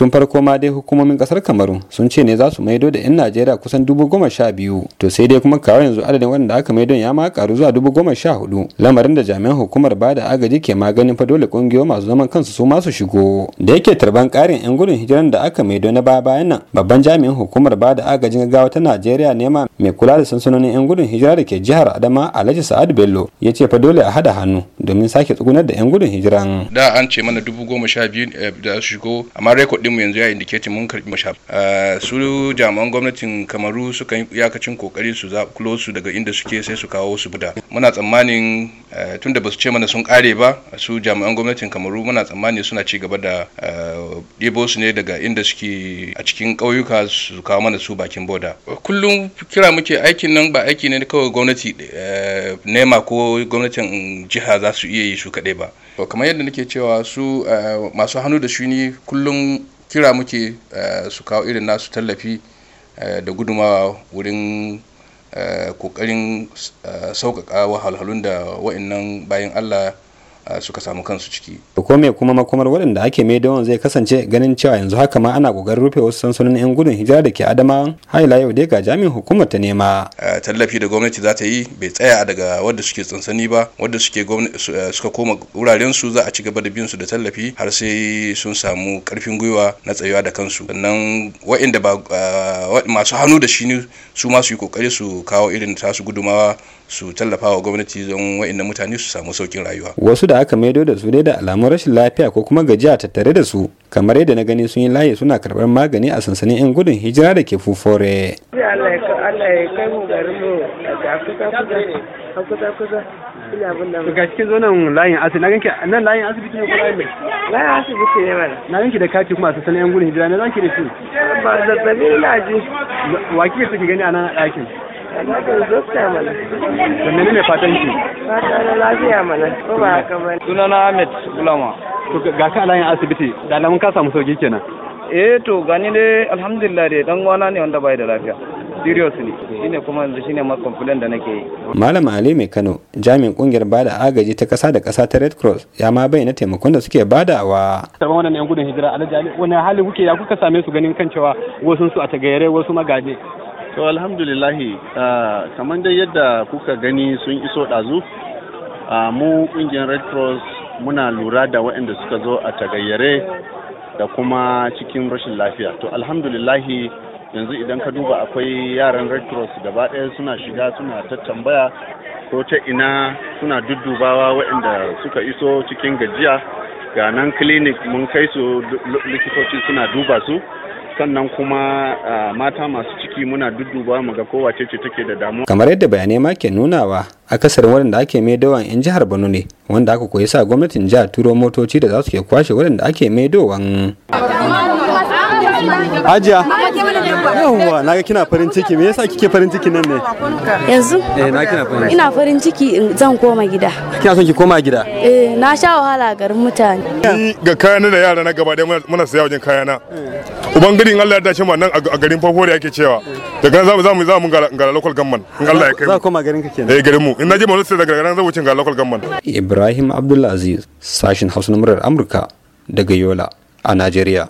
tun farko ma dai hukumomin kasar kamaru sun ce ne za su maido da 'yan najeriya kusan dubu goma sha biyu to sai dai kuma kawo yanzu adadin waɗanda aka maido ya ma karu zuwa dubu goma sha hudu lamarin da jami'an hukumar ba da agaji ke maganin fa dole kungiyoyi masu zaman kansu su ma su shigo da yake tarban karin 'yan gudun hijiran da aka maido na baya bayan nan babban jami'in hukumar ba da agajin gaggawa ta najeriya ma mai kula da sansanonin 'yan gudun hijira da ke jihar adama alhaji sa'ad bello ya ce fa dole a hada hannu domin sake tsugunar da 'yan gudun hijiran da an ce mana dubu goma sha biyu eh, da su shigo amma rekodin mu yanzu ya indicating mun karbi mashab ah, su jami'an gwamnatin kamaru suka yi iyakacin kokari su za kulo su daga inda suke sai su kawo su buda muna tsammanin eh, tunda basu ce mana sun kare ba su jami'an gwamnatin kamaru muna tsammani suna ci gaba da eh, ɗebo su ne daga inda suke a cikin ƙauyuka su kawo mana su bakin boda kullum kira muke aikin nan ba aiki ne kawai gwamnati eh, nema ko gwamnatin jiha za su iya yi su kaɗai ba kamar yadda nake cewa su masu hannu da shuni kullum kira muke eh, su kawo irin nasu tallafi eh, da gudumawa wurin kokarin eh, sauƙaƙa wahalhalun da wa'annan bayan allah suka samu kansu ciki. da me kuma makomar waɗanda ake mai zai kasance ganin cewa yanzu haka ma ana kokarin rufe wasu sansanin 'yan gudun hijira da ke adama haila yau dai ga jami'in hukumar ta nema. tallafi da gwamnati za ta yi bai tsaya daga wadda suke tsansani ba wadda suke suka koma wuraren su za a ci gaba da bin su da tallafi har sai sun samu karfin gwiwa na tsayuwa da kansu sannan waɗanda ba masu hannu da shi ne su ma su yi kokari su kawo irin tasu gudumawa su tallafa wa gwamnati don wa'annan mutane su samu saukin rayuwa wasu da aka maido da su dai da alamun rashin lafiya ko kuma gajiya tattare da su kamar yadda na gani sun yi layi suna karɓar magani a sansanin 'yan gudun hijira da ke fufore ga cikin zonan layin asibiti na ganki nan layin asibiti ne ko layin mai layin asibiti ne mana na ganki da kati kuma a sassan yan gudun hijira ne zan ki da shi ba zazzabi ina ji wa kike take gani a nan a ɗakin da mene ne fatan ki na lafiya mana ko ba haka ba sunana ahmed gulama to ga ka alayin asibiti da alamun ka samu sauki kenan eh to gani dai alhamdulillah dai dan gwana ne wanda bai da lafiya sirius shine kuma yanzu shine ma complain da nake yi malam ali mai kano jami'in kungiyar bada agaji ta kasa da kasa ta red cross ya ma bayyana taimakon da suke badawa saban wannan yan gudun hijira alhaji ali wani hali kuke ya kuka same su ganin kan cewa wasu su a tagayare wasu magaje to alhamdulillahi kamar dai yadda kuka gani sun iso ɗazu mu kungiyar red cross muna lura da waɗanda suka zo a tagayyare da kuma cikin rashin lafiya to alhamdulillahi yanzu idan ka duba akwai yaran red cross gaba ɗaya suna shiga suna ta tambaya, ko ta ina suna duddubawa waɗanda suka iso cikin gajiya ga nan clinic mun kai su likitoci suna duba su sannan kuma mata masu aiki muna dudduba mu ga kowace ce take da damuwa kamar yadda bayanai ma ke nunawa wurin wadanda ake maidowan yan jihar Borno ne wanda aka koyi sa gwamnatin jihar turo motoci da za su ke kwashe da ake maidowan Ajiya. Yawwa, na ga kina farin ciki. Me yasa kike farin ciki nan ne? Yanzu? Eh, na kina farin ciki. Ina farin ciki in zan koma gida. Kina son ki koma gida? Eh, na sha wahala garin mutane. Ni ga kayana da yara na gaba ɗaya muna saya wajen kayana. Ubangijin Allah ya dace mu nan a garin Fafori yake cewa. Daga nan za mu za mu ga local government. In Allah ya kai Za koma garin ka kenan. Eh, garin mu. In na je mu sai daga garin zan wuce ga local government. Ibrahim Aziz sashin Hausa na murar Amurka daga Yola a Najeriya.